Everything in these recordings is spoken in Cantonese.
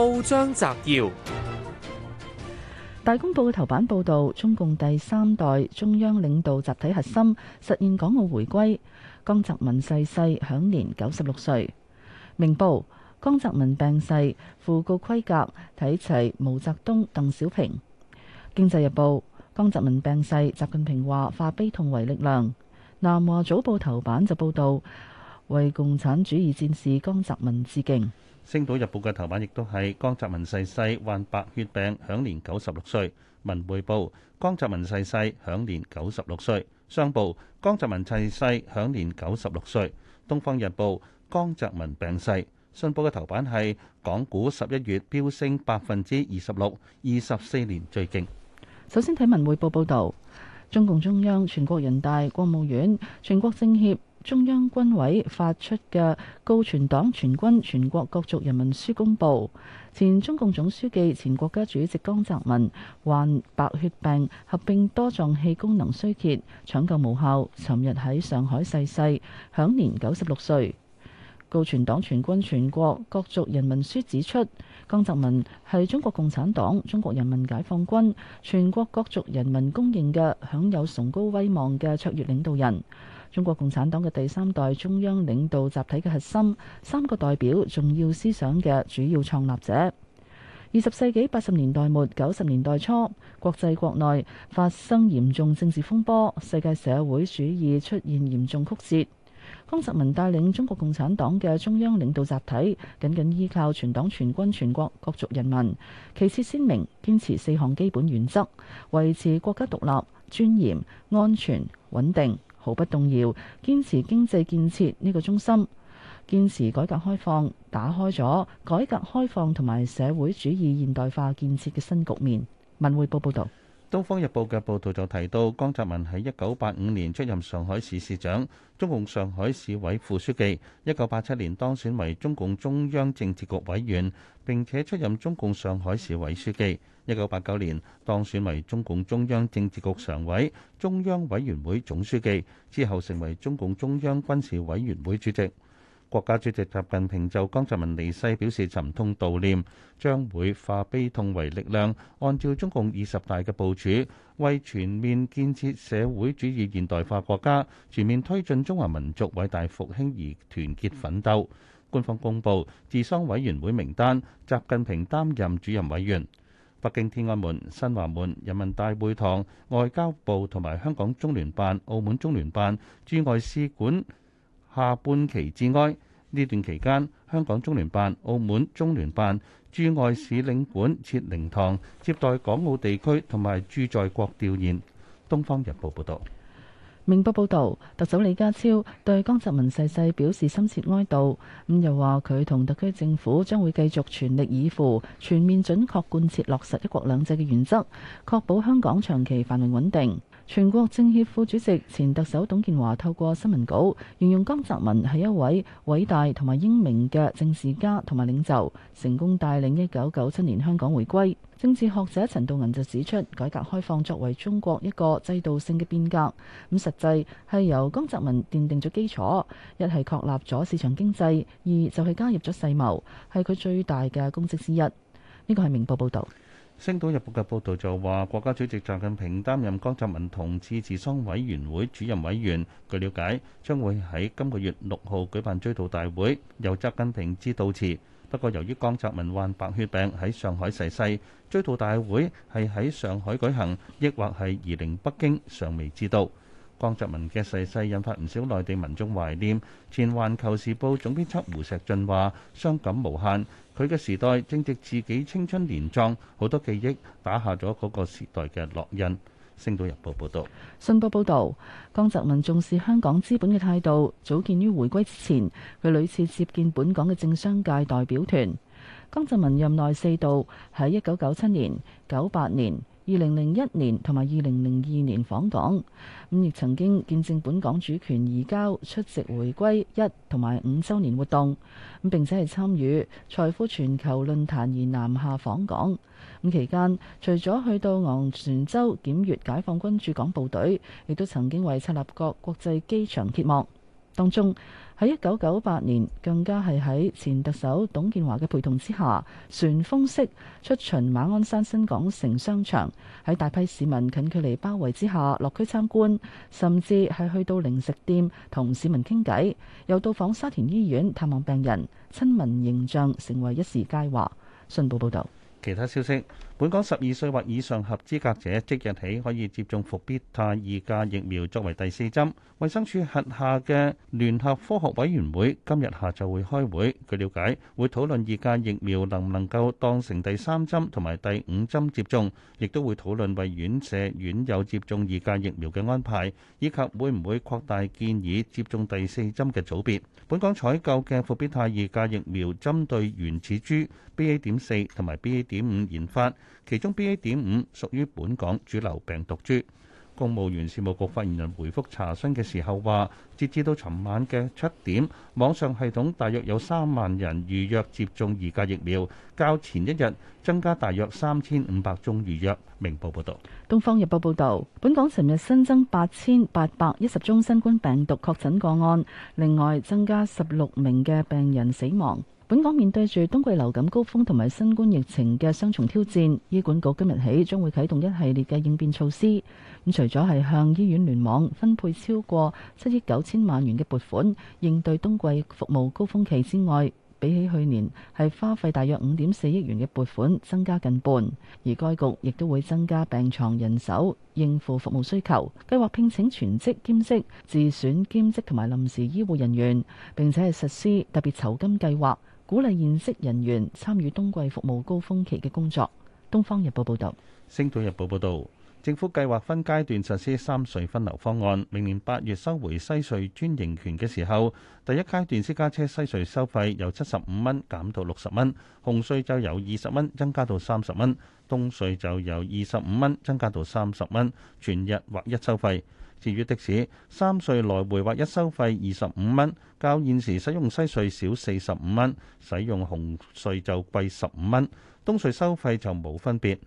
報章摘要：大公報嘅頭版報道中共第三代中央領導集體核心實現港澳回歸，江澤民逝世，享年九十六歲。明報，江澤民病逝，訃告規格睇齊毛澤東、鄧小平。經濟日報，江澤民病逝，習近平話化悲痛為力量。南華早報頭版就報道。為共產主義戰士江澤民致敬。星島日報嘅頭版亦都係江澤民逝世，患白血病，享年九十六歲。文匯報：江澤民逝世，享年九十六歲。商報：江澤民逝世，享年九十六歲。東方日報：江澤民病逝。信報嘅頭版係港股十一月飆升百分之二十六，二十四年最勁。首先睇文匯報報道，中共中央、全國人大、國務院、全國政協。中央軍委發出嘅《告全黨全軍全國各族人民書》公佈，前中共總書記、前國家主席江澤民患白血病，合併多臟器功能衰竭，搶救無效，尋日喺上海逝世，享年九十六歲。《告全黨全軍全國各族人民書》指出，江澤民係中國共產黨、中國人民解放軍、全國各族人民公認嘅享有崇高威望嘅卓越領導人。中國共產黨嘅第三代中央領導集體嘅核心，三個代表重要思想嘅主要創立者。二十世紀八十年代末九十年代初，國際國內發生嚴重政治風波，世界社會主義出現嚴重曲折。江澤民帶領中國共產黨嘅中央領導集體，緊緊依靠全黨全軍全國各族人民，旗幟鮮明堅持四項基本原則，維持國家獨立、尊嚴、安全、穩定。毫不動搖，堅持經濟建設呢個中心，堅持改革開放，打開咗改革開放同埋社會主義現代化建設嘅新局面。文匯報報道。《東方日報》嘅報道就提到，江澤民喺一九八五年出任上海市市長、中共上海市委副書記，一九八七年當選為中共中央政治局委員，並且出任中共上海市委書記。一九八九年當選為中共中央政治局常委、中央委員會總書記，之後成為中共中央軍事委員會主席。國家主席習近平就江澤民離世表示沉痛悼念，將會化悲痛為力量，按照中共二十大嘅部署，為全面建設社會主義現代化國家、全面推進中華民族偉大復興而團結奮鬥。官方公布治喪委員會名單，習近平擔任主任委員。北京天安門、新華門、人民大會堂、外交部同埋香港中聯辦、澳門中聯辦、駐外使館，下半旗致哀，呢段期間，香港中聯辦、澳門中聯辦、駐外使領館設靈堂，接待港澳地區同埋駐在國吊唁。《東方日報》報道，《明報》報道，特首李家超對江澤民逝世表示深切哀悼，咁又話佢同特區政府將會繼續全力以赴，全面準確貫徹落實一國兩制嘅原則，確保香港長期繁榮穩定。全國政協副主席、前特首董建華透過新聞稿形容，容江澤民係一位偉大同埋英明嘅政治家同埋領袖，成功帶領一九九七年香港回歸。政治學者陳道銀就指出，改革開放作為中國一個制度性嘅變革，咁實際係由江澤民奠定咗基礎，一係確立咗市場經濟，二就係加入咗世貿，係佢最大嘅功績之一。呢個係明報報道。星島日報嘅報導就話，國家主席習近平擔任江澤民同志治喪委員會主任委員。據了解，將會喺今個月6佢嘅時代正值自己青春年壯，好多記憶打下咗嗰個時代嘅烙印。《星島日報》報道：「信報報道，江澤民重視香港資本嘅態度，早建於回歸之前。佢屢次接見本港嘅政商界代表團。江澤民任內四度喺一九九七年、九八年、二零零一年同埋二零零二年訪港，咁亦曾經見證本港主權移交、出席回歸一同埋五週年活動，咁並且係參與財富全球論壇而南下訪港。咁期間，除咗去到昂船洲檢閱解放軍駐港部隊，亦都曾經為赤鱲角國際機場揭幕。當中，喺一九九八年，更加係喺前特首董建華嘅陪同之下，旋風式出巡馬鞍山新港城商場，喺大批市民近距離包圍之下落區參觀，甚至係去到零食店同市民傾偈，又到訪沙田醫院探望病人，親民形象成為一時佳話。信報報道。其他消息。本港十二歲或以上合資格者即日起可以接種復必泰二價疫苗作為第四針。衛生署轄下嘅聯合科學委員會今日下晝會開會，據了解會討論二價疫苗能唔能夠當成第三針同埋第五針接種，亦都會討論為院舍院友接種二價疫苗嘅安排，以及會唔會擴大建議接種第四針嘅組別。本港採購嘅復必泰二價疫苗針對原始株 BA. 點四同埋 BA. 點五研發。其中 BA.5 屬於本港主流病毒株。公務員事務局發言人回覆查詢嘅時候話，截至到尋晚嘅七點，網上系統大約有三萬人預約接種二價疫苗，較前一日增加大約三千五百宗預約。明報報道。東方日報報道，本港尋日新增八千八百一十宗新冠病毒確診個案，另外增加十六名嘅病人死亡。本港面對住冬季流感高峰同埋新冠疫情嘅雙重挑戰，醫管局今日起將會啟動一系列嘅應變措施。咁除咗係向醫院聯網分配超過七億九千萬元嘅撥款應對冬季服務高峰期之外，比起去年係花費大約五點四億元嘅撥款，增加近半。而該局亦都會增加病床人手應付服務需求，計劃聘請全職、兼職、自選兼職同埋臨時醫護人員，並且係實施特別酬金計劃。鼓勵現職人員參與冬季服務高峰期嘅工作。東方日報報道。星島日報報道，政府計劃分階段實施三隧分流方案。明年八月收回西隧專營權嘅時候，第一階段私家車西隧收費由七十五蚊減到六十蚊，紅隧就由二十蚊增加到三十蚊，東隧就由二十五蚊增加到三十蚊，全日劃一收費。至於的士三隧來回或一收費二十五蚊，較現時使用西隧少四十五蚊，使用紅隧就貴十五蚊。東隧收費就冇分別。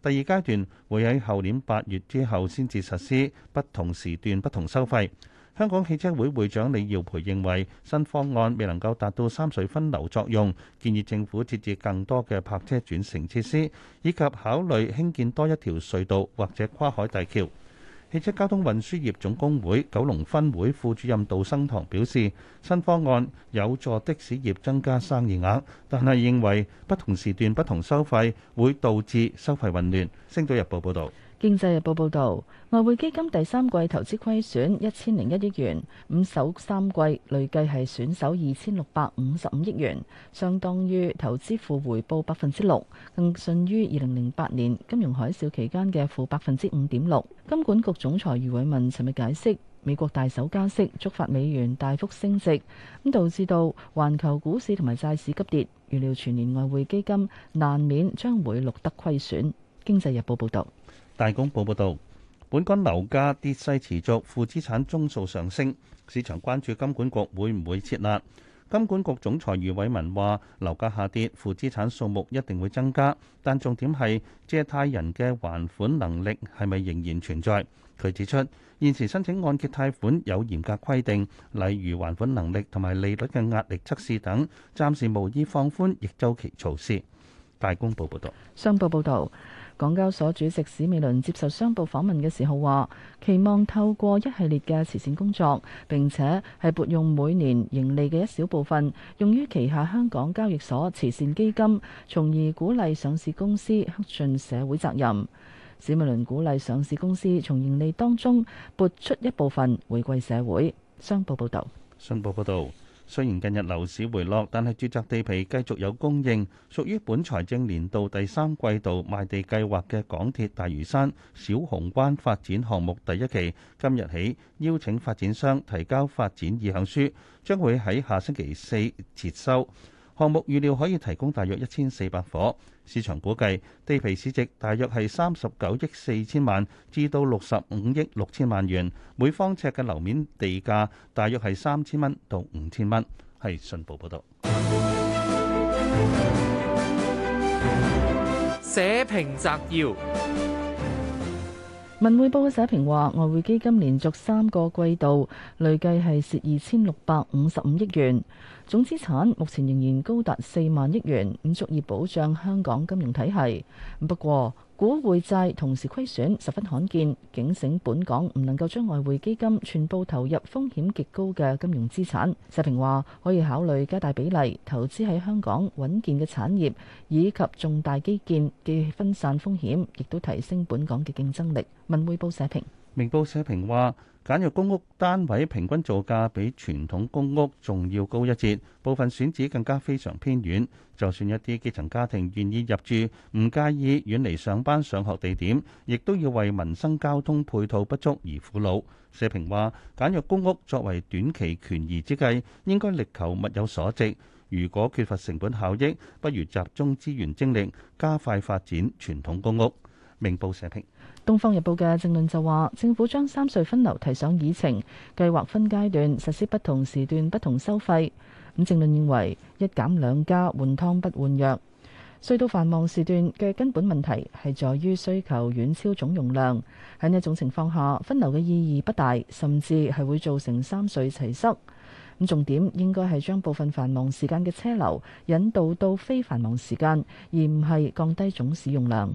第二階段會喺後年八月之後先至實施不同時段不同收費。香港汽車會會長李耀培認為新方案未能夠達到三隧分流作用，建議政府設置更多嘅泊車轉乘設施，以及考慮興建多一條隧道或者跨海大橋。汽車交通運輸業總工會九龍分會副主任杜生堂表示，新方案有助的士業增加生意額，但係認為不同時段不同收費會導致收費混亂。星島日報報導。經濟日報報道，外匯基金第三季投資虧損一千零一億元，咁首三季累計係損手二千六百五十五億元，相當於投資負回報百分之六，更遜於二零零八年金融海嘯期間嘅負百分之五點六。金管局總裁余偉文尋日解釋，美國大手加息，觸發美元大幅升值，咁導致到環球股市同埋債市急跌，預料全年外匯基金難免將會錄得虧損。經濟日報報道。大公報報導，本港樓價跌勢持續，負資產宗數上升，市場關注金管局會唔會設立。金管局總裁余偉文話：樓價下跌，負資產數目一定會增加，但重點係借貸人嘅還款能力係咪仍然存在。佢指出，現時申請按揭貸款有嚴格規定，例如還款能力同埋利率嘅壓力測試等，暫時無意放寬逆週期措施。大公報報道，商報報道，港交所主席史美倫接受商報訪問嘅時候話，期望透過一系列嘅慈善工作，并且係撥用每年盈利嘅一小部分，用於旗下香港交易所慈善基金，從而鼓勵上市公司恪盡社會責任。史美倫鼓勵上市公司從盈利當中撥出一部分回饋社會。商報報道，商報報道。雖然近日樓市回落，但係住宅地皮繼續有供應。屬於本財政年度第三季度賣地計劃嘅港鐵大嶼山小蠔灣發展項目第一期，今日起邀請發展商提交發展意向書，將會喺下星期四接收。項目預料可以提供大約一千四百伙。市場估計地皮市值大約係三十九億四千萬至到六十五億六千萬元，每方尺嘅樓面地價大約係三千蚊到五千蚊。係信報報道。社評摘要，文匯報嘅社評話，外匯基金連續三個季度累計係蝕二千六百五十五億元。總資產目前仍然高達四萬億元，咁足以保障香港金融體系。不過，股匯債同時虧損十分罕見，警醒本港唔能夠將外匯基金全部投入風險極高嘅金融資產。社評話可以考慮加大比例投資喺香港穩健嘅產業以及重大基建，既分散風險，亦都提升本港嘅競爭力。文匯報社評，明報社評話。簡約公屋單位平均造價比傳統公屋仲要高一截，部分選址更加非常偏遠。就算一啲基層家庭願意入住，唔介意遠離上班、上學地點，亦都要為民生交通配套不足而苦惱。社評話：簡約公屋作為短期權宜之計，應該力求物有所值。如果缺乏成本效益，不如集中資源精力，加快發展傳統公屋。明報社評，《東方日報》嘅政論就話，政府將三隧分流提上議程，計劃分階段實施不同時段不同收費。咁政論認為一減兩加，換湯不換藥。隧道繁忙時段嘅根本問題係在於需求遠超總容量。喺呢一種情況下，分流嘅意義不大，甚至係會造成三隧齊塞。咁重點應該係將部分繁忙時間嘅車流引導到非繁忙時間，而唔係降低總使用量。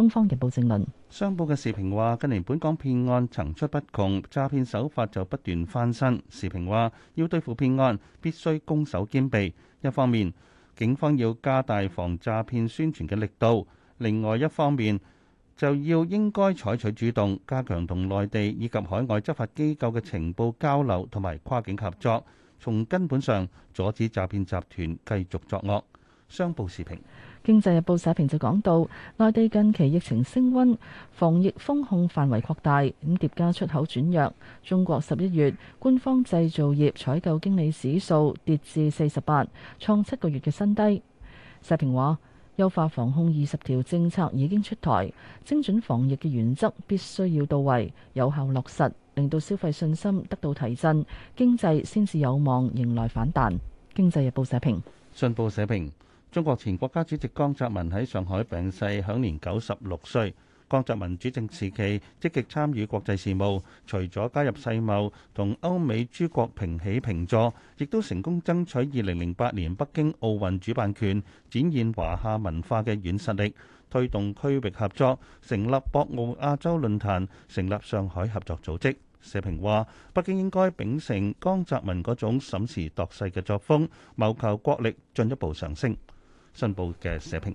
《東方日報》政論。商報嘅時評話：近年本港騙案層出不窮，詐騙手法就不斷翻新。時評話，要對付騙案，必須攻守兼備。一方面，警方要加大防詐騙宣傳嘅力度；另外一方面，就要應該採取主動，加強同內地以及海外執法機構嘅情報交流同埋跨境合作，從根本上阻止詐騙集團繼續作惡。商報時評。經濟日報社評就講到，內地近期疫情升溫，防疫封控範圍擴大，咁疊加出口轉弱，中國十一月官方製造業採購經理指數跌至四十八，創七個月嘅新低。社評話，優化防控二十條政策已經出台，精準防疫嘅原則必須要到位，有效落實，令到消費信心得到提振，經濟先至有望迎來反彈。經濟日報社評，信報社評。中國前國家主席江澤民喺上海病逝，享年九十六歲。江澤民主政時期，積極參與國際事務，除咗加入世貿，同歐美諸國平起平坐，亦都成功爭取二零零八年北京奧運主辦權，展現華夏文化嘅軟實力，推動區域合作，成立博鰲亞洲論壇，成立上海合作組織。社評話：北京應該秉承江澤民嗰種審時度勢嘅作風，謀求國力進一步上升。新報嘅社評。